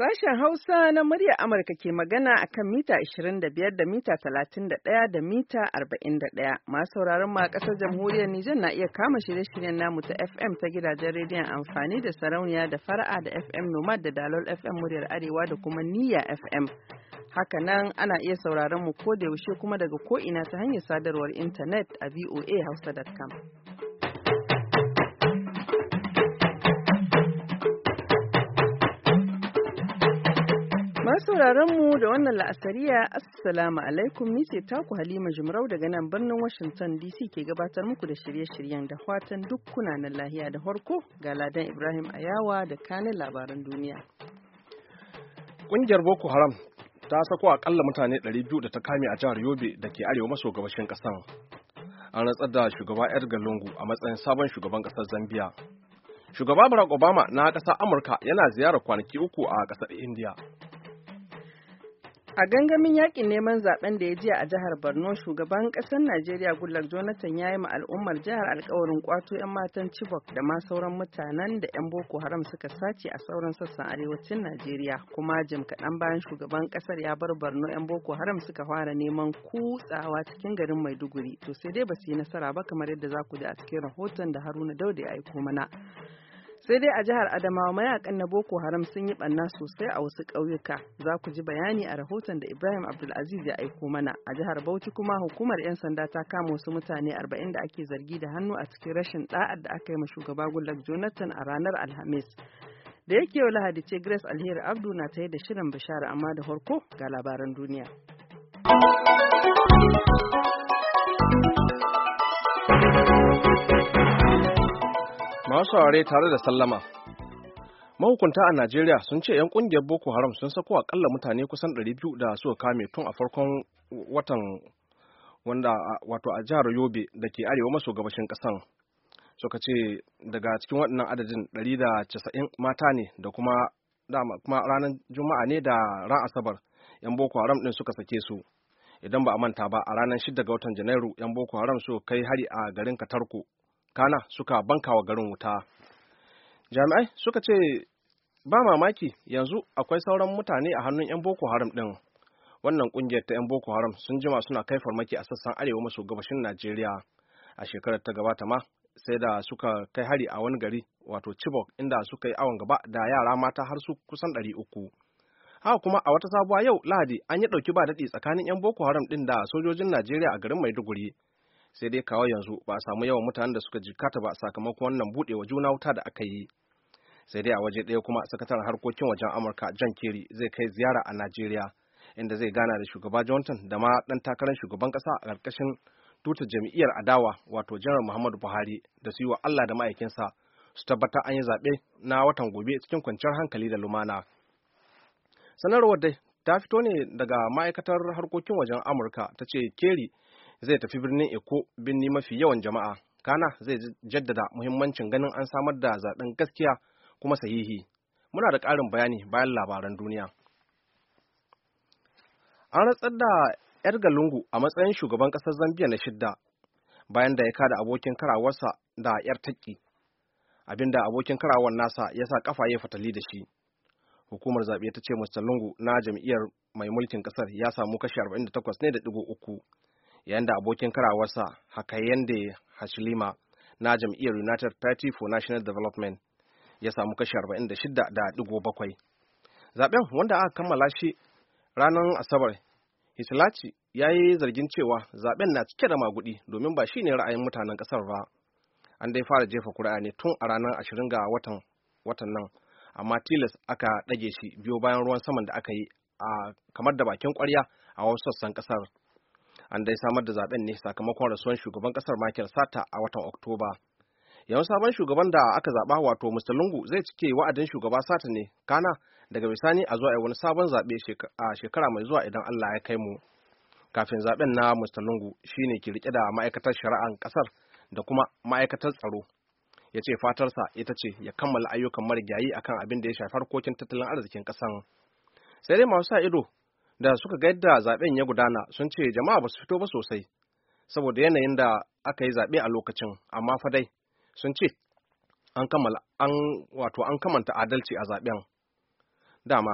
Sashen Hausa na muryar Amurka ke magana a kan mita 25 da mita 31 da mita 41. Masu sauraron ma ƙasar jamhuriyar Nijar na iya kama shirye-shiryen namu ta FM ta gidajen rediyon amfani da sarauniya da fara'a da FM Nomad da Dalol FM muryar Arewa da kuma Niyya FM. Hakanan ana iya sauraron mu ko da yaushe kuma daga ko'ina ta hanyar sadarwar intanet a voahausa.com. Masu mu da wannan la'asariya Assalamu alaikum ni ce taku Halima jimrau daga nan birnin Washington DC ke gabatar muku da shirye-shiryen da fatan duk kunanan lahiya da harko ga Ladan Ibrahim Ayawa da kanin labaran duniya. Ƙungiyar Boko Haram ta sako akalla mutane 200 da ta kame a jihar Yobe da ke arewa maso gabashin ƙasar. An rantsar da shugaba Edgar Lungu a matsayin sabon shugaban ƙasar Zambia. Shugaba Barack Obama na kasar Amurka yana ziyarar kwanaki uku a kasar Indiya. A gangamin yakin neman zaben da ya jiya a jihar Borno shugaban kasar Najeriya Goodluck Jonathan ya yi ma al'ummar jihar alkawarin kwato 'yan matan Chibok da ma sauran mutanen da 'yan Boko Haram suka sace a sauran sassan arewacin Najeriya kuma jim kaɗan bayan shugaban kasar ya bar Borno 'yan Boko Haram suka fara neman kutsawa cikin garin Maiduguri to sai dai ba su yi nasara ba kamar yadda za ku ji a cikin rahoton da Haruna Dauda ya aiko mana. sai dai a jihar adamawa mayakan na boko haram sun yi banna sosai a wasu ƙauyuka za ku ji bayani a rahoton da ibrahim abdulaziz ya aiko mana a jihar bauchi kuma hukumar 'yan sanda ta kama wasu mutane 40 da ake zargi da hannu a cikin rashin da'ar da aka yi ma shugaba gullak jonathan a ranar alhamis da yake yau lahadi ce grace alheri abdu na ta yi da shirin bishara amma da farko ga labaran duniya masu saurare tare da sallama mahukunta a najeriya sun ce 'yan kungiyar boko haram sun sako akalla mutane kusan 200 da suka kame tun a farkon watan wanda wato a jihar yobe da ke arewa maso gabashin kasan suka ce daga cikin waɗannan adadin 190 mata ne da kuma kuma ranar juma'a ne da ran asabar 'yan boko haram din suka sake su idan ba a manta ba a ranar 6 ga watan janairu 'yan boko haram su kai hari a garin katarko kana suka banka wa garin wuta jami'ai suka ce ba mamaki yanzu akwai sauran mutane a hannun 'yan boko haram ɗin wannan kungiyar ta 'yan boko haram sun jima suna kai farmaki a sassan arewa maso gabashin najeriya a shekarar ta gabata ma sai da suka kai hari a wani gari wato chibok inda suka yi awon gaba da yara mata har su kusan ɗari uku haka kuma a wata sabuwa yau lahadi an yi ɗauki ba daɗi tsakanin 'yan boko haram ɗin da sojojin najeriya a garin maiduguri sai dai kawo yanzu ba a samu yawan mutanen da suka jikata ba sakamakon wannan buɗewa juna wuta da aka yi sai dai a waje ɗaya kuma sakataren harkokin wajen amurka jan kerry zai kai ziyara a najeriya inda zai gana da shugaba johnson da ma ɗan takarar shugaban ƙasa a ƙarƙashin tuta jam'iyyar adawa wato janar muhammadu buhari da su yi wa allah da ma'aikinsa su tabbatar an yi zaɓe na watan gobe cikin kwanciyar hankali da lumana sanarwar dai ta fito ne daga ma'aikatar harkokin wajen amurka ta ce keri zai tafi birnin Eko birni mafi yawan jama'a. Kana zai jaddada muhimmancin ganin an samar da zaɓen gaskiya kuma sahihi. Muna da ƙarin bayani bayan labaran duniya. An ratsar da ‘yar Galungu a matsayin shugaban ƙasar Zambia na shidda bayan da ya kada abokin karawarsa da ‘yar taƙi. Abinda abokin karawar nasa ya sa kafa ya fatali da shi. hukumar zaɓe ta ce Mr. Lungu na jam'iyyar mai mulkin ƙasar ya samu kashi 48 ne da ɗigo uku yayin da abokin karawarsa hakayende hashlima na jam'iyyar united party for national development ya samu kashi 46.7 zaben wanda aka kammala shi ranar asabar hisilaci ya yi zargin cewa zaben na cike da magudi domin ba shine ra'ayin mutanen kasar ba an dai fara jefa kuri'a ne tun a ranar 20 ga watan nan amma tilas aka ɗage shi biyo bayan ruwan saman da aka yi a kamar da bakin kwarya a wasu sassan ƙasar. an dai samar da zaben ne sakamakon rasuwan shugaban kasar Michael Sata a watan Oktoba. Yawan sabon shugaban da aka zaɓa wato Mr. Lungu zai cike wa'adin shugaba Sata ne kana daga bisani a zuwa wani sabon zaɓe a shekara mai zuwa idan Allah ya kai mu. Kafin zaben na Mr. Lungu shine ki rike da ma'aikatar shari'an kasar da kuma ma'aikatar tsaro. Ya ce fatarsa ita ce ya kammala ayyukan marigayi akan abin da ya shafi harkokin tattalin arzikin ƙasan. Sai dai masu sa ido da suka ga yadda zaben ya gudana sun ce jama'a ba su fito ba sosai saboda yanayin da aka yi zaɓe a lokacin amma fa dai sun ce an kammala an wato an kamanta adalci a zaben dama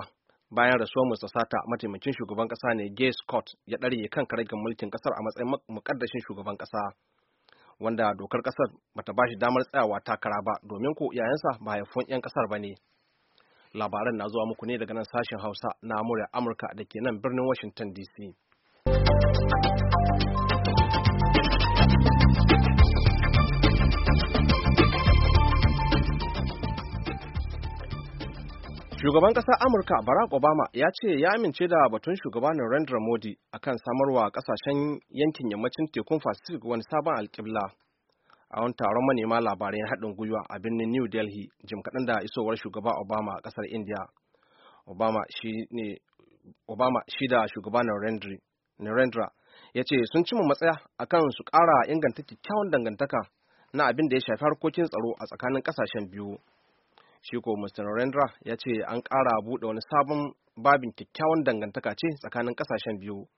bayan rasuwar Musa Sata mataimakin shugaban kasa ne Gay Scott ya ɗare kan karagin mulkin kasar a matsayin mukaddashin shugaban kasa wanda dokar kasar bata ba shi damar tsayawa takara ba domin ko iyayensa ba haifuwan 'yan kasar ba ne. labaran na zuwa muku ne daga nan sashen hausa na murya amurka da ke nan birnin washington dc Shugaban ƙasar Amurka Barack Obama ya ce ya amince da batun shugaban Narendra Modi akan samarwa ƙasashen yankin yammacin tekun Fasifik wani sabon alƙibla a wani taron manema labarai na haɗin gwiwa a birnin new delhi jim kaɗan da isowar shugaba obama a ƙasar india obama shi da shugaba narendra ya ce sun cimma matsaya a kan su ƙara inganta kyakkyawan dangantaka na abin da ya shafi harkokin tsaro a tsakanin ƙasashen biyu shi ko mr narendra ya ce an ƙara buɗe wani sabon babin kyakkyawan dangantaka ce tsakanin ƙasashen biyu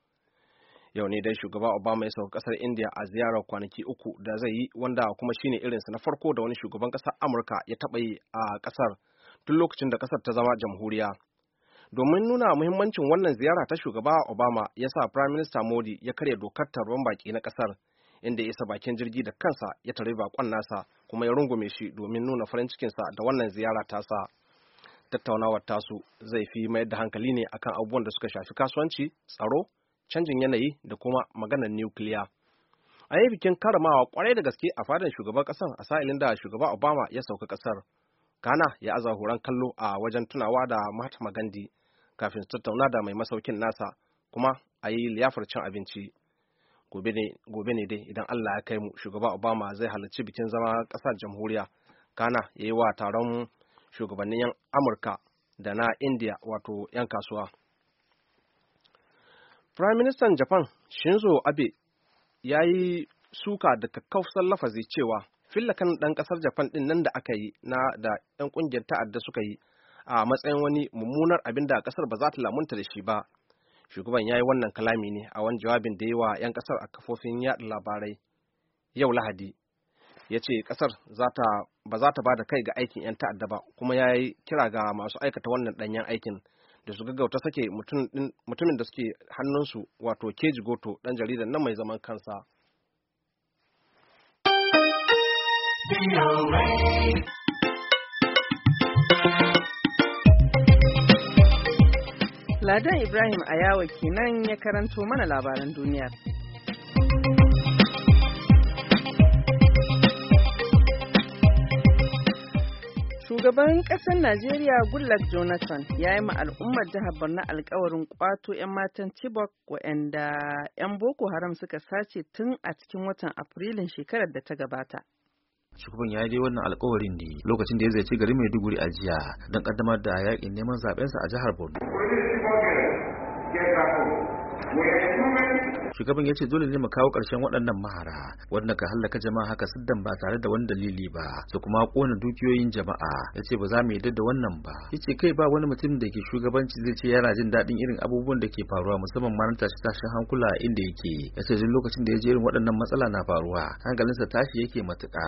yau ne dai shugaba obama ya sauka kasar india a ziyarar kwanaki uku da zai yi wanda kuma shine irinsa na farko da wani shugaban kasar amurka ya taɓa yi a kasar tun lokacin da kasar ta zama jamhuriya domin nuna muhimmancin wannan ziyara ta shugaba obama ya sa prime minister modi ya karya dokar taron baki na kasar inda ya isa bakin jirgi da kansa ya tare bakon nasa kuma ya rungume shi domin nuna farin cikinsa da wannan ziyara tasa tattaunawar tasu zai fi mayar da hankali ne akan abubuwan da suka shafi kasuwanci tsaro canjin yanayi da kuma maganar nukiliya a yi bikin karamawa kwarai da gaske a fadin shugaban kasar a sa'ilin da shugaba obama ya sauka kasar kana ya aza horon kallo a wajen tunawa da mahatma gandhi kafin su tattauna da mai masaukin nasa kuma a yi liyafar cin abinci gobe ne dai idan allah ya kai mu shugaba obama zai halarci bikin zama kasar jamhuriya kana ya yi wa taron shugabannin 'yan amurka da na Indiya wato 'yan kasuwa Firaministan Japan Shinzo Abe ya yi suka da kakkausar lafazi cewa fillakan ɗan ƙasar Japan ɗin nan da aka yi na da 'yan ƙungiyar ta'adda suka yi a matsayin wani mummunar abin da ƙasar ba za ta lamunta da shi ba. Shugaban ya yi wannan kalami ne a wani jawabin da yi wa 'yan ƙasar a kafofin yaɗa labarai yau Lahadi. Ya ce ƙasar ba za ta ba da kai ga aikin 'yan ta'adda ba kuma ya yi kira ga masu aikata wannan ɗanyen aikin da su gaggauta sake mutumin da suke hannunsu wato keji goto ɗan jaridar nan mai zaman kansa. Ladan Ibrahim a Ayawa kenan ya karanto mana labaran duniya. Shugaban ƙasar Najeriya Goodluck Jonathan ya yi ma al'ummar jihar Borno alkawarin kwato 'yan matan Chibok waɗanda 'yan Boko Haram suka sace tun a cikin watan Afrilun shekarar da ta gabata. shugaban ya yi dai wannan alkawarin ne lokacin da ya zai ci garin Maiduguri a jiya don ƙaddamar da yaƙin neman zaɓensa a jihar Borno. shugaban ya ce dole ne mu kawo ƙarshen waɗannan mahara wanda ka hallaka jama'a haka siddan ba tare da wani dalili ba su kuma kona dukiyoyin jama'a ya ce ba za mu yarda da wannan ba ya ce kai ba wani mutum da ke shugabanci zai ce yana jin daɗin irin abubuwan da ke faruwa musamman ma na tashin hankula inda yake ya ce duk lokacin da ya je irin waɗannan matsala na faruwa hankalinsa tashi yake matuƙa.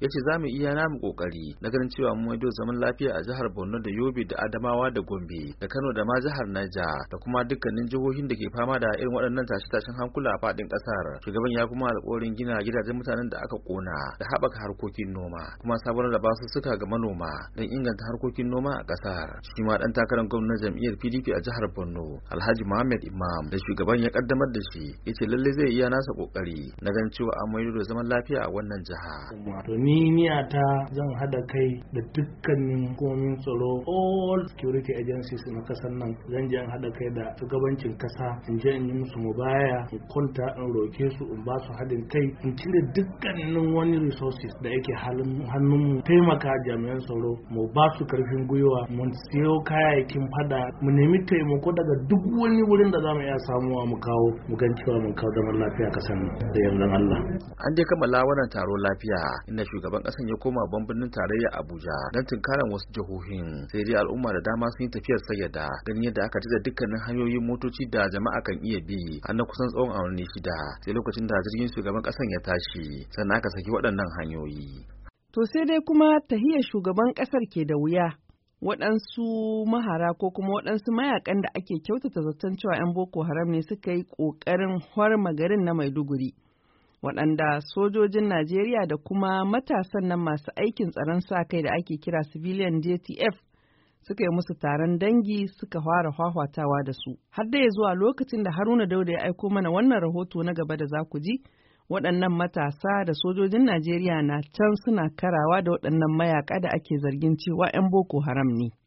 ya ce za mu iya namu kokari na ganin cewa mu maido zaman lafiya a jihar borno da yobe da adamawa da gombe da kano da ma jihar naija da kuma dukkanin jihohin da ke fama da irin waɗannan tashe-tashen hankula a faɗin ƙasar shugaban ya kuma alƙawarin gina gidajen mutanen da aka kona da haɓaka harkokin noma kuma sabon da basu suka ga manoma don inganta harkokin noma a ƙasar shi ma ɗan takarar gwamnan jam'iyyar pdp a jihar borno alhaji muhammad imam da shugaban ya ƙaddamar da shi ya ce lallai zai iya nasa ƙoƙari na ganin cewa an maido da zaman lafiya a wannan jiha. ni niyata zan hada kai da dukkanin hukumomin tsaro all security agencies na kasar nan zan je hada kai da shugabancin kasa in je in yi musu baya in kwanta in roke su in ba su hadin kai in cire dukkanin wani resources da yake mu taimaka jami'an tsaro mu ba su karfin gwiwa mu siyo kayayyakin fada mu nemi taimako daga duk wani wurin da za mu iya samuwa mu kawo mu gan cewa mun kawo zaman lafiya kasan da yanzu Allah an je kammala wannan taro lafiya inda shugaban kasan ya koma babban birnin tarayya Abuja don tunkaran wasu jihohin sai dai al'umma da dama sun yi tafiyar sayyada ganin yadda aka tada dukkanin hanyoyin motoci da jama'a kan iya bi har na kusan tsawon awanni shida sai lokacin da jirgin shugaban kasan ya tashi sannan aka saki waɗannan hanyoyi. To sai dai kuma tahiyar shugaban kasar ke da wuya waɗansu mahara ko kuma waɗansu mayakan da ake kyautata zaton cewa 'yan boko haram ne suka yi ƙoƙarin horma garin na maiduguri waɗanda sojojin Najeriya da kuma matasan nan masu aikin tsaron sa kai da ake kira civilian JTF suka yi musu taron dangi suka fara hwahwatawa da su. Har da ya zuwa lokacin da Haruna Dauda ya aiko mana wannan rahoto na gaba da za ku ji, waɗannan matasa da sojojin Najeriya na can suna karawa da waɗannan mayaka da ake zargin cewa 'yan Boko Haram ne.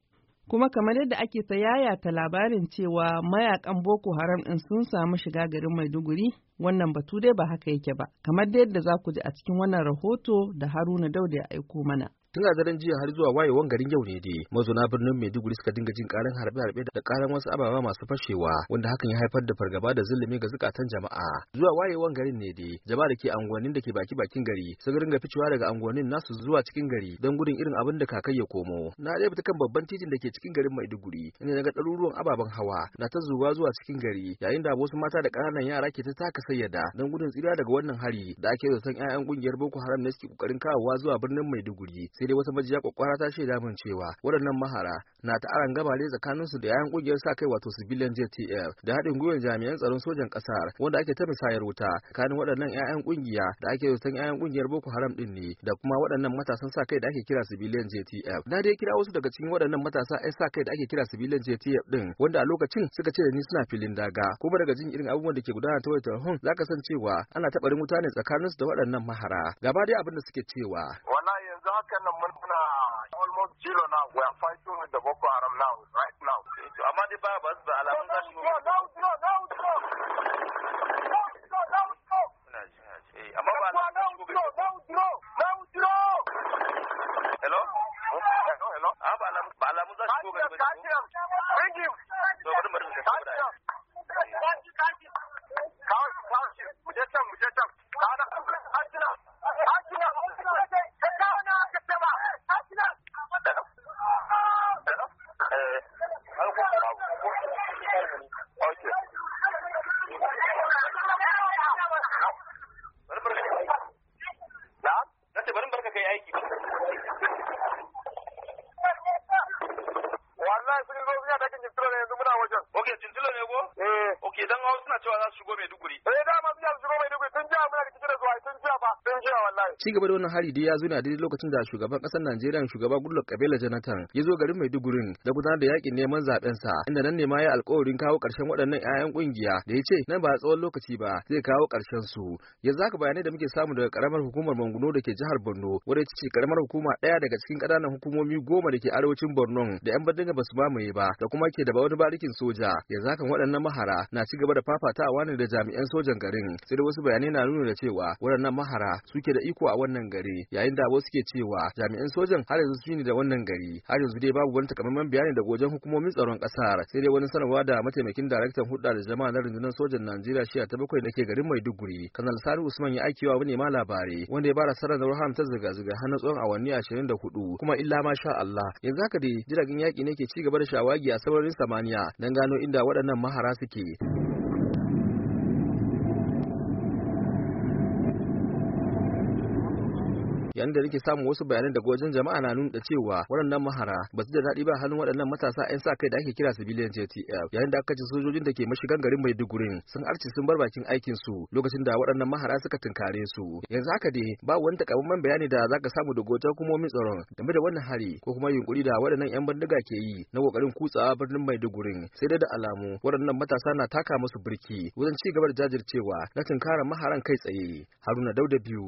kuma kamar yadda ake ta yayata labarin cewa mayakan boko haram din sun samu shiga garin maiduguri wannan batu dai ba haka yake ba kamar da yadda za ku ji a cikin wannan rahoto da haruna dauda ya aiko mana tun a daren jiya har zuwa wayewan garin yau ne dai mazauna birnin maiduguri suka dinga jin karin harbe-harbe da karan wasu ababa masu fashewa wanda hakan ya haifar da fargaba da zulumi ga zukatan jama'a zuwa wayewan garin ne dai jama'a da ke anguwannin da ke baki bakin gari sun ringa ficewa daga anguwannin nasu zuwa cikin gari don gudun irin abin da kakai ya komo na ɗaya fita kan babban titin da ke cikin garin maiduguri inda naga ɗaruruwan ababen hawa na ta zuwa zuwa cikin gari yayin da wasu mata da ƙananan yara ke ta taka sayyada don gudun tsira daga wannan hari da ake zaton 'ya'yan ƙungiyar boko haram ne suke ƙoƙarin kawowa zuwa birnin maiduguri sai dai wata majiya kwakwara ta shaida min cewa waɗannan mahara na ta aran gaba ne tsakanin su da yayan kungiyar sa kai wato civilian JTF da haɗin gwiwar jami'an tsaron sojan ƙasar wanda ake ta misayar wuta kanin waɗannan yayan kungiya da ake zaton yayan kungiyar Boko Haram din ne da kuma waɗannan matasan sa kai da ake kira civilian JTF na dai kira wasu daga cikin waɗannan matasa ai sa kai da ake kira civilian JTF din wanda a lokacin suka ce da ni suna filin daga ba daga jin irin abubuwan da ke gudana ta wayar telefon zaka san cewa ana taɓarin wuta ne su da waɗannan mahara gaba dai abin da suke cewa wallahi yanzu haka nan mun muna almost zero now we are fighting with the Boko Haram now right now amma dai ba ba su da alamun za su na eh, ah, thank you ci gaba da wannan hari dai ya zo ne a daidai lokacin da shugaban kasar Najeriya shugaba Goodluck Kabila Jonathan ya zo garin Maiduguri da gudanar da yakin neman zaben sa inda nan ne ma ya alƙawarin kawo ƙarshen waɗannan 'ya'yan ƙungiya, da ya ce nan ba tsawon lokaci ba zai kawo ƙarshen su yanzu haka bayanai da muke samu daga karamar hukumar Manguno da ke jihar Borno wadda ce karamar hukuma ɗaya daga cikin ƙananan hukumomi goma da ke arewacin Borno da 'yan Badinga ba su mamaye ba da kuma ke da wani barikin soja yanzu hakan waɗannan mahara na ci gaba da fafatawa ne da jami'an sojan garin sai da wasu bayanai na nuna da cewa waɗannan mahara suke da iko a wannan gari yayin da wasu ke cewa jami'an sojan har yanzu su ne da wannan gari har yanzu dai babu wani takamaiman bayani daga wajen hukumomin tsaron kasar sai dai wani sanarwa da mataimakin daraktan hudda da jama'a na rundunar sojan Najeriya shiya ta bakwai nake garin Maiduguri kanal Sari Usman ya aikewa wani ma labarai wanda ya bara ruham ta zirga-zirga har na tsawon awanni ashirin da hudu. kuma illa ma sha Allah yanzu haka dai jiragen yaki ne ke ci gaba da shawagi a sararin samaniya don gano inda waɗannan mahara suke. yayin da nake samun wasu bayanan daga wajen jama'a na nuna cewa waɗannan mahara ba su da daɗi ba halin waɗannan matasa 'yan sa kai da ake kira civilian JTF yayin da aka ci sojojin da ke mashigan garin Maiduguri sun arci sun bar bakin aikin su lokacin da waɗannan mahara suka tunkare su yanzu haka dai ba wani takamaiman bayani da zaka samu daga wajen hukumomin tsaron game da wannan hari ko kuma yunkuri da waɗannan 'yan bindiga ke yi na kokarin kutsawa birnin Maiduguri sai dai da alamu waɗannan matasa na taka musu birki wajen ci gaba da jajircewa na tunkarar maharan kai tsaye Haruna Dauda biyu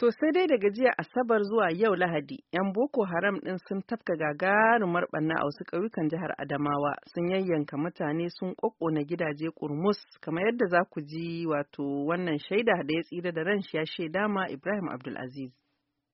To sai dai daga jiya Asabar zuwa yau Lahadi, 'yan Boko Haram ɗin sun tafka gagarumar ɓanna a wasu ƙauyukan jihar Adamawa, sun yayyanka mutane sun na gidaje ƙurmus, kamar yadda za ku ji wato wannan shaida da ya tsira da ran shi ya shaida ma Ibrahim Abdulaziz.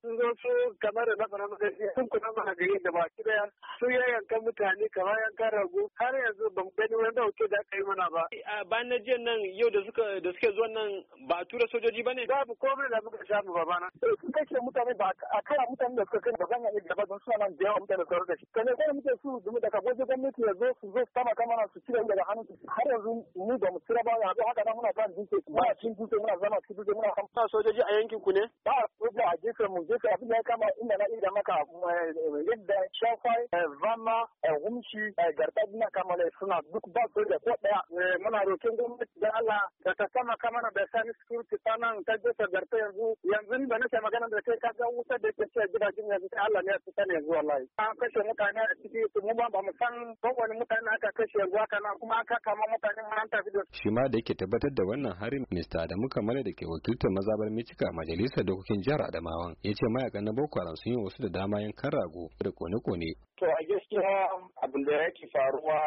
sun zo su kamar da na faɗa maka sun kuɗa mana gari da baki daya sun yayyanka mutane kamar yanka rago har yanzu ba mu gani wani dauke da aka yi mana ba. a ba na jiya nan yau da suka da suke zuwa nan ba a tura sojoji ba ne. babu komai da muka samu ba bana. Eh, sun kashe mutane ba a kawo mutane da suka kai ba zan yi gaba don suna nan da yawa mutane da shi. to ne kai muke su dumi daga goje gwamnati ya zo su zo su kama kama su cire daga hannun su har yanzu mu ba mu cire ba ya zo haka nan muna ba dutse muna cin dutse muna zama cin dutse muna kama. sojoji a yankin ku ne. ba a soja a gefen mu duka abin da kama inda na iya maka eh, yadda shafai eh, vama wumshi eh, garba na kamala suna duk ba su da ko daya muna rokin gwamnati da Allah da ta sama kamar da sani security sanan ta je ta garta yanzu yanzu da nake magana da kai ka ga wutar da ke ce gidajen yanzu da Allah ne ya fita ne yanzu wallahi an kashe mutane a ciki su mu ba mu san kowane mutane aka kashe yanzu haka na kuma aka kama mutane ma an tafi da shi ma da yake tabbatar da wannan harin Mr. Adamu Kamala da ke wakiltar mazabar Michika majalisar dokokin jihar Adamawan ya ce da mayakan na Boko Haram sun yi wasu da dama yankan rago da kone-kone. To a gaskiya abin da yake faruwa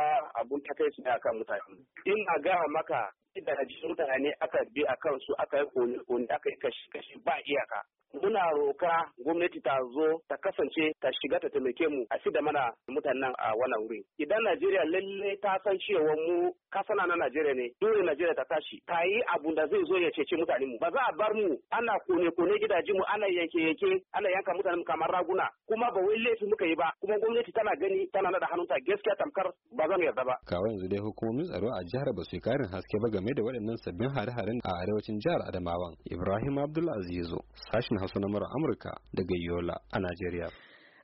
abun takaici ne akan mutane. Ina gaya maka da mutane aka bi a kansu aka yi kone-kone aka yi kashi ba iyaka. Muna roka gwamnati ta zo ta kasance ta shiga ta taimake mu a da mana mutanen a wannan wuri. Idan Najeriya lalle ta san cewa mu kasana na Najeriya ne, dole Najeriya ta tashi, ta yi abun da zai zo ya cece mutane mu. Ba za a bar mu ana kone-kone gidaje mu ana yanke-yanke ana yanka mutane mu kamar raguna kuma ba wai laifi muka yi ba kuma gwamnati tana gani tana nada hannunta gaskiya tamkar ba za yarda ba. Kawai yanzu dai hukumomin tsaro a jihar ba su karin haske ba game da waɗannan sabbin hare-haren a arewacin jihar Adamawa, Ibrahim Abdulazizu, sashin Hausa na Amurka daga Yola a Najeriya.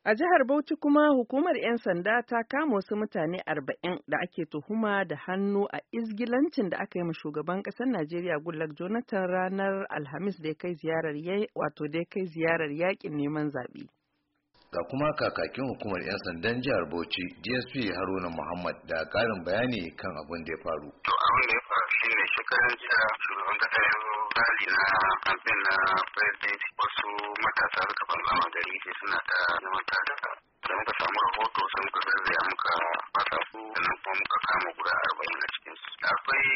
A jihar Bauchi kuma hukumar 'yan sanda ta kama wasu mutane arba'in da ake tuhuma da hannu a izgilancin da aka yi ma shugaban ƙasar Najeriya Goodluck Jonathan ranar Alhamis da ya kai ziyarar wato da kai ziyarar yakin neman zaɓe. Ga kuma kakakin hukumar 'yan sandan jihar Bauchi DSP Haruna Muhammad da ƙarin bayani kan abin da ya faru. To abin da ya shekaran jiya shugaban kasa ya zo rali na kamfen na president wasu matasa suka banza ma gari sai suna ta zaman tada da muka samu rahoto sai muka zarzaya muka fasa su sannan kuma muka kama guda arba'in a cikin su akwai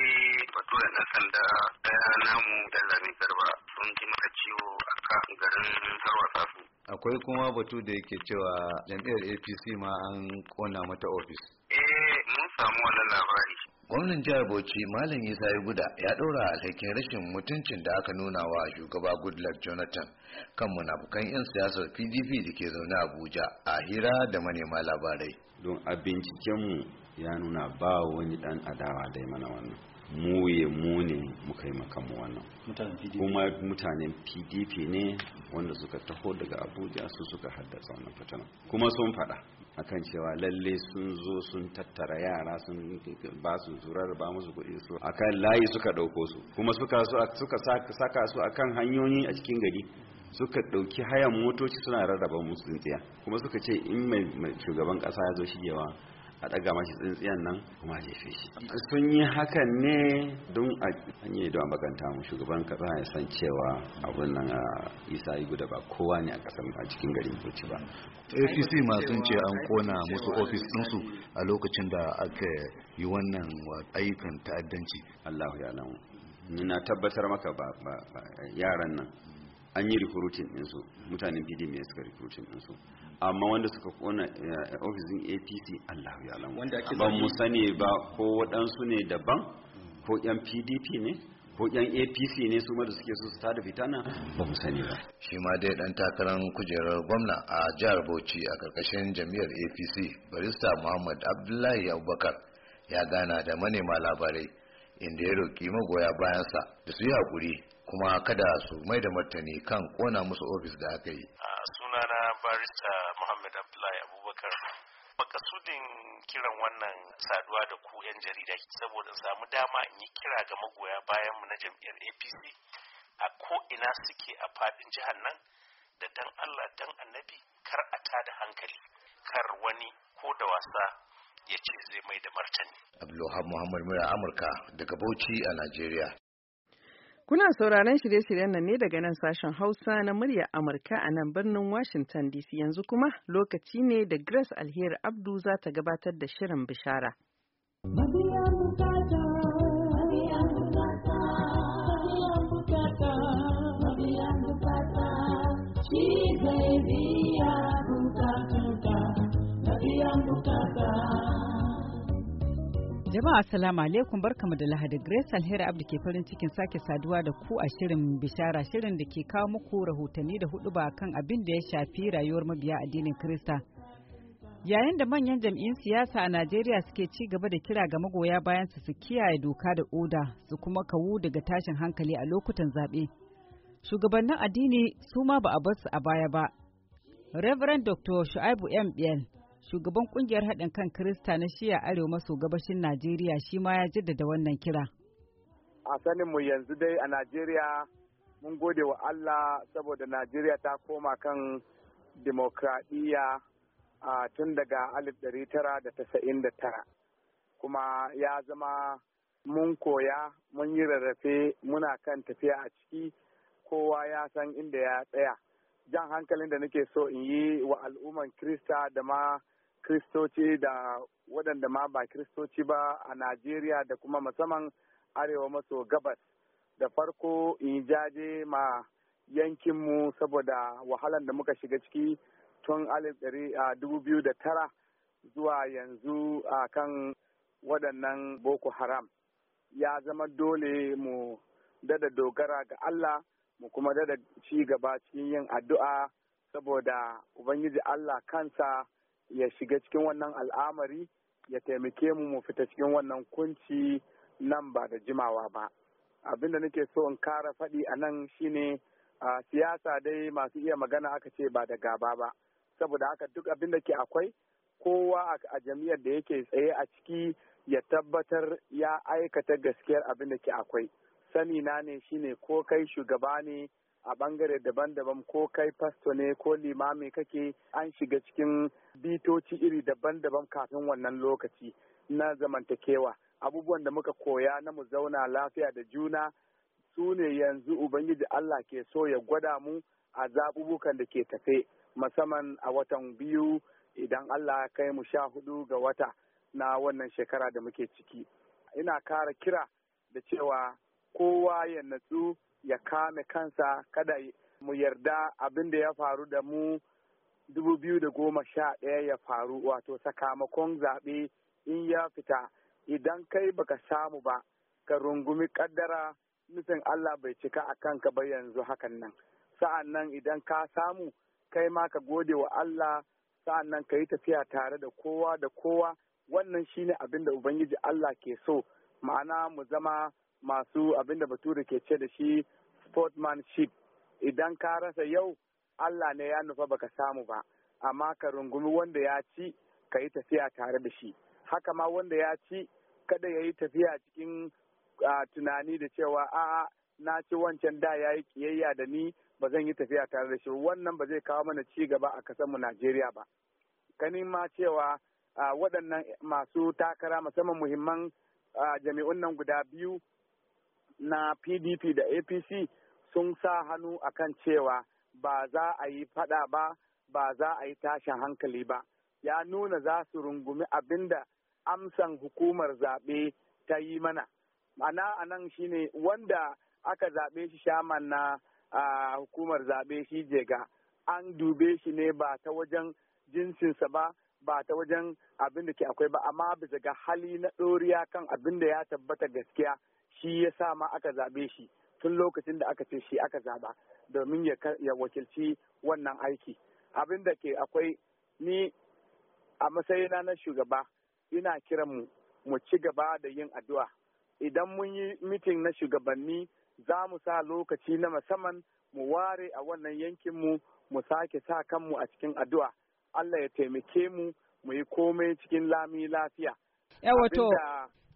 baturen na sanda ɗaya namu da lamin garba sun ji mata ciwo a kan garin harwasa su akwai kuma batu da yake cewa jam'iyyar apc ma an kona mata ofis eh mun samu wannan labari gwamnan jihar bauchi malam isa ya guda ya ɗora alhakin rashin mutuncin da aka nuna wa shugaba goodluck jonathan kan munafukan 'yan siyasar pdp da ke zaune abuja a hira da manema labarai don a bincikenmu ya nuna ba wani ɗan adawa dai mana wannan muye mu ne muka yi makamu wannan kuma mutanen pdp ne wanda suka taho daga abuja su suka haddasa wannan fitanan kuma sun faɗa akan cewa lalle sun zo sun tattara yara sun ba su zurar ba musu kuɗi su akan layi suka ɗauko su kuma suka suka saka su akan hanyoyi a cikin gari suka ɗauki hayan motoci suna rarraba musu tsintsiya kuma suka ce in mai shugaban ƙasa ya zo shigewa a daga mashi tsintsiyan nan kuma a jefe shi sun yi hakan ne don a hanyar da makanta mu shugaban kasa ya san cewa abun nan a isa yi guda ba kowa ne a kasar a cikin garin bauchi ba apc ma sun ce an kona musu ofis ɗinsu a lokacin da aka yi wannan ayyukan ta'addanci allahu ya lamu ni na tabbatar maka ba yaran nan an yi rikurutin ɗinsu mutanen mai suka rikurutin ɗinsu amma wanda suka kona eh, ofisin apc allah ya lamu ba mu sani ba ko waɗansu ne daban ko yan pdp ne ko yan apc ne su ma da suke su ta da fitana ba mu sani ba shi ma dai dan takarar kujerar gwamna a jihar bauchi a karkashin jami'ar apc barista muhammad abdullahi abubakar ya gana da manema labarai inda ya roƙi magoya bayansa da su yi haƙuri kuma kada su mai da martani kan kona musu ofis da aka yi. sunana barista Muhammad Abdullahi Abubakar makasudin kiran wannan saduwa da ku 'yan jarida saboda samu dama in yi kira ga magoya bayan mu na jam'iyyar APC a ko ina suke a fadin jihar nan da dan Allah dan annabi kar a tada hankali kar wani ko da wasa ya ce zai mai da martani. Abdullahi Muhammad Mura Amurka daga Bauchi a Najeriya. Kuna sauraron shirye-shiryen nan ne daga nan sashen Hausa na murya Amurka a nan birnin Washington DC yanzu kuma lokaci ne da Grace Alheri Abdu za ta gabatar da shirin bishara. Jama'a assalamu alaikum barkamu da Lahadi Grace Alheri Abdi ke farin cikin sake saduwa da ku a shirin bishara shirin da ke kawo muku rahotanni da hudu ba kan abin da ya shafi rayuwar mabiya addinin kirista. Yayin da manyan jam'iyyun siyasa a Najeriya suke ci gaba da kira ga magoya bayan su su kiyaye doka da oda su kuma kawu daga tashin hankali a lokutan zaɓe. Shugabannin addini su ma ba a bar su a baya ba. Reverend Dr. Shu'aibu M. shugaban kungiyar haɗin kan Kirista na shiya arewa maso gabashin Najeriya shi ma ya jaddada wannan kira. A sanin mu yanzu dai a Najeriya mun gode wa Allah saboda Najeriya ta koma kan demokradiyya tun daga 1999 kuma ya zama mun koya mun yi rarrafe muna kan tafiya a ciki kowa ya san inda ya tsaya. jan hankalin da nake so in yi wa al'umman Krista da ma kristoci da waɗanda ma ba kristoci ba a najeriya da kuma musamman arewa maso gabas da farko in jaje ma yankinmu saboda wahalar da muka shiga ciki tun tara zuwa yanzu a kan waɗannan boko haram ya zama dole mu dada dogara ga allah mu kuma dada ci gaba cikin yin addu'a saboda ubangiji allah kansa ya shiga cikin wannan al'amari ya taimake mu mu fita cikin wannan kunci nan ba da jimawa ba abinda nake so in kara faɗi a nan shine a siyasa dai masu iya magana aka ce ba da gaba ba saboda haka duk abin da ke akwai kowa a jam'iyyar da yake tsaye a ciki ya tabbatar ya aikata gaskiyar abin da ke akwai sani na ne shine ko kai shugaba ne a bangare daban-daban ko kai fasto ne ko limami kake an shiga cikin bitoci iri daban-daban kafin wannan lokaci na zamantakewa abubuwan da muka koya na mu zauna lafiya da juna su ne yanzu ubangiji Allah ke so ya gwada mu a zaɓuɓɓukan da ke tafe musamman a watan biyu idan Allah ya kai mu sha hudu ga wata na wannan shekara da muke ciki ina kara kira da cewa kowa ya natsu ya kame kansa kada mu yarda abin da ya faru da mu dubu biyu da goma sha ɗaya ya faru wato sakamakon zaɓe in ya fita idan kai baka samu ba ka rungumi ƙaddara nufin Allah bai cika a kanka ba yanzu hakan nan sa'an nan idan ka samu kai ma ka gode wa Allah sa'an nan ka yi tafiya tare da kowa da kowa wannan shine abin da Ubangiji Allah ke so ma'ana mu zama masu abinda bature ke ce da shi sportsmanship idan ka rasa yau Allah ne ya nufa baka samu ba amma ka rungumi wanda ya ci ka yi tafiya tare da shi haka ma wanda ya ci kada ya yi tafiya cikin tunani da cewa a'a na ci wancan da ya yi kiyayya da ni ba zan yi tafiya tare da shi wannan ba zai kawo mana ci gaba a kasanmu Najeriya ba ganin ma cewa waɗannan masu takara musamman muhimman jami'un nan guda biyu na pdp da apc sun sa hannu akan cewa ba za a yi fada ba ba za a yi tashin hankali ba ya nuna za su rungumi abinda amsan hukumar zaɓe ta yi mana ana anan shine wanda aka zaɓe shi shaman na hukumar zaɓe shi jega an dube shi ne ba ta wajen jinsinsa ba ba ta wajen abin da ke akwai ba amma bisa ga hali na ɗoriya kan abin da ya tabbata gaskiya shi ya sa ma aka zaɓe shi tun lokacin da aka ce shi aka zaɓa domin ya wakilci wannan aiki abin da ke akwai ni a matsayina na shugaba ina kiran mu mu ci gaba da yin addu'a idan mun yi mitin na shugabanni za mu sa lokaci na musamman mu ware a wannan mu mu sake sa kanmu a cikin addu'a Allah ya taimake mu mu yi komai cikin lami lafiya. Yawato,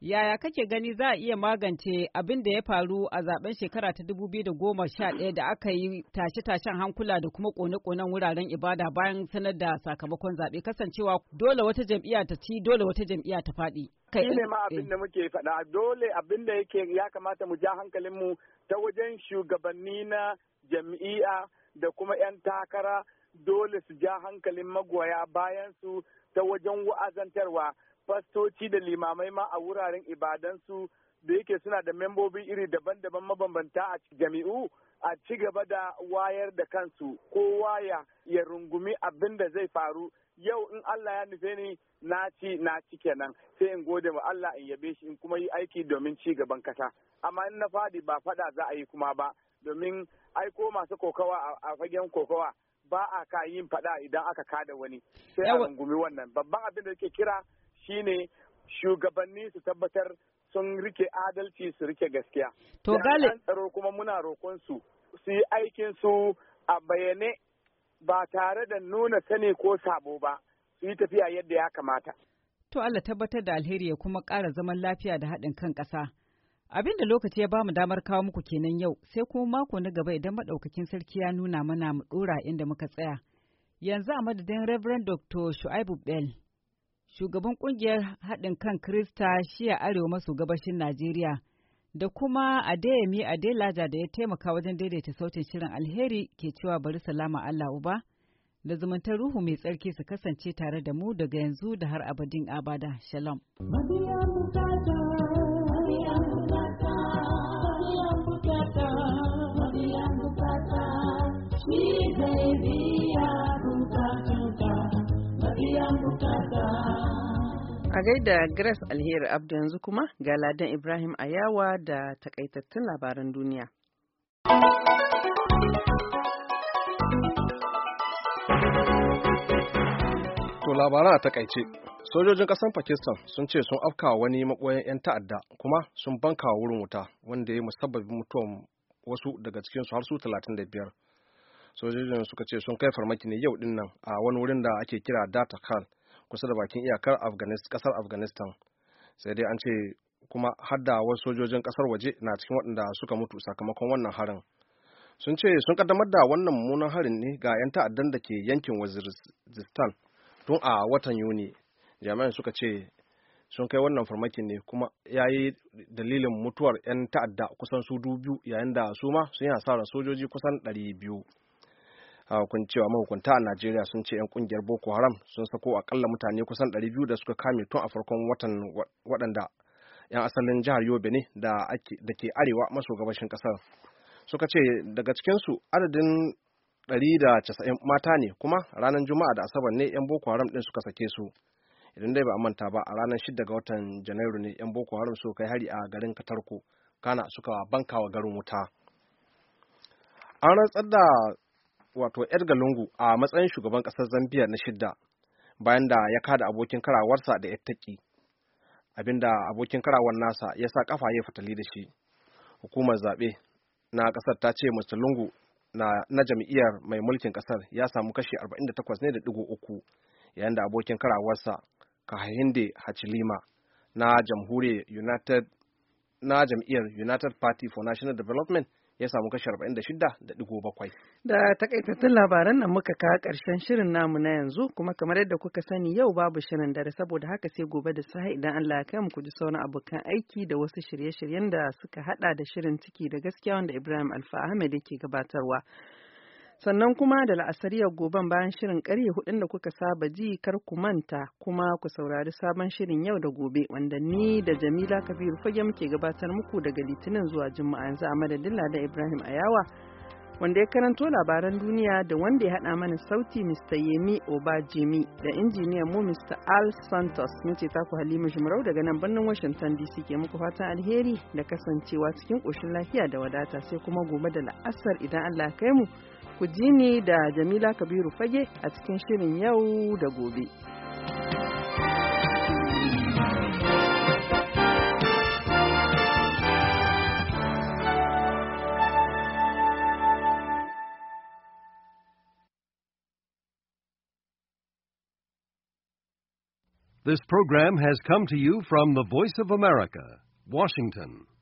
Yaya kake gani za a iya magance abin da ya faru a zaben shekara ta 2011 da aka yi tashe-tashen hankula da kuma kone-konen wuraren ibada bayan sanar da sakamakon zabe kasancewa dole wata jam'iyya ta ci dole wata jam'iyya ta faɗi. Shi ne eh, ma abin da muke faɗa dole abin da yake ya kamata mu ja hankalin mu ta wajen shugabanni na jam'iyya da kuma 'yan takara dole su ja hankalin magoya bayan su ta wajen wa'azantarwa. fastoci da limamai ma a wuraren ibadansu da yake suna da membobi iri daban-daban mabambanta a jami'u a ci gaba da wayar da kansu kowa ya ya rungumi abin da zai faru yau in Allah ya nufe ni na ci na ci kenan sai in gode wa Allah in yabe shi in kuma yi aiki domin ci gaban kasa amma in na fadi ba fada za a yi kuma ba domin aiko masu kokawa a fagen kokawa ba a ka yin fada idan aka kada wani sai a rungumi wannan babban abin da yake kira shine shugabanni su tabbatar sun rike adalci su rike gaskiya. To gale. tsaro kuma muna roƙon su su yi aikin su a bayyane ba tare da nuna sani ko sabo ba su yi tafiya yadda ya kamata. To Allah tabbatar da alheri ya kuma ƙara zaman lafiya da haɗin kan ƙasa. Abin da lokaci ya bamu damar kawo muku kenan yau sai kuma mako na gaba idan maɗaukakin sarki ya nuna mana mu ɗora inda muka tsaya. Yanzu a madadin Reverend Dr. Shu'aibu Bell shugaban kungiyar haɗin kan Krista a arewa maso gabashin Najeriya, da kuma Adeyemi Adelaja da ya taimaka wajen daidaita sautin shirin alheri ke cewa bari salama Allah Uba, da zumuntar Ruhu mai tsarki su kasance tare da mu daga yanzu da har abadin abada. Shalom. A gaida Grace Alheri Abdu yanzu kuma ga Ladan Ibrahim Ayawa da takaitattun labaran duniya. To labaran a takaice. Sojojin ƙasar Pakistan sun ce sun afka wani makoyan 'yan ta'adda kuma sun banka wurin wuta wanda ya musabbabin mutuwar wasu daga cikinsu har su 35. Sojojin suka ce sun kai farmaki ne yau dinnan a wani wurin da ake kira Data Khan. kusa da bakin iyakar kasar afghanistan sai dai an ce kuma hadda wasu sojojin kasar waje na cikin waɗanda suka mutu sakamakon wannan harin sun ce sun kaddamar da wannan mummunan harin ne ga 'yan ta'addan da ke yankin waziristan tun a watan yuni jami'an suka ce sun kai wannan farmakin ne kuma ya yi dalilin mutuwar 'yan ta'adda kusan su dubu yayin da su ma sun yi hasarar sojoji kusan 200 kun cewa mahukunta a najeriya sun ce 'yan kungiyar boko haram sun sako akalla mutane kusan 200 da suka kame tun a farkon watan waɗanda 'yan asalin jihar yobe ne da ke arewa maso gabashin ƙasar suka ce daga cikinsu adadin 190 mata ne kuma ranar juma'a da asabar ne 'yan boko haram ɗin suka sake su idan dai ba a manta ba a ranar 6 ga watan janairu ne 'yan boko haram suka kai hari a garin katarko kana suka bankawa garin wuta an rantsar da wato Edgar Lungu a matsayin shugaban ƙasar Zambia na shidda bayan da ya kada abokin karawarsa da yattaki abinda abokin karawar nasa ya sa kafa ya fitali da shi hukumar zaɓe na ƙasar ta ce Mr. Lungu na, na jam'iyyar mai mulkin ƙasar ya samu kashi 48 ne da digo uku yayin da abokin karawarsa Kahinde Hachilima na jamhuriyar United na jam'iyyar United Party for National Development ya samu kashi arba'in Da da da digo bakwai. takaitattun labaran nan muka kawo ƙarshen shirin namu na yanzu kuma kamar yadda kuka sani yau babu shirin dare saboda haka sai gobe da sahi idan Allah ya kai mu ji sauran abokan aiki da wasu shirye-shiryen da suka hada da shirin ciki da gaskiya wanda Ibrahim Alfa Ahmed yake gabatarwa. sannan kuma da la'asariyar goben bayan shirin karye hudun da kuka saba ji kar ku manta kuma ku saurari sabon shirin yau da gobe wanda ni da jamila kabiru fage muke gabatar muku daga litinin zuwa juma'a yanzu a madadin da ibrahim ayawa wanda ya karanto labaran duniya da wanda ya hada mana sauti mr yemi obajimi da injiniyan mu mr al santos mun ce taku halima jimarau daga nan birnin washington dc ke muku fatan alheri da kasancewa cikin koshin lafiya da wadata sai kuma gobe da la'asar idan allah kai mu ku ji ni da Jamila Kabiru Fage a cikin shirin yau da gobe. This program has come to you from the Voice of America, Washington.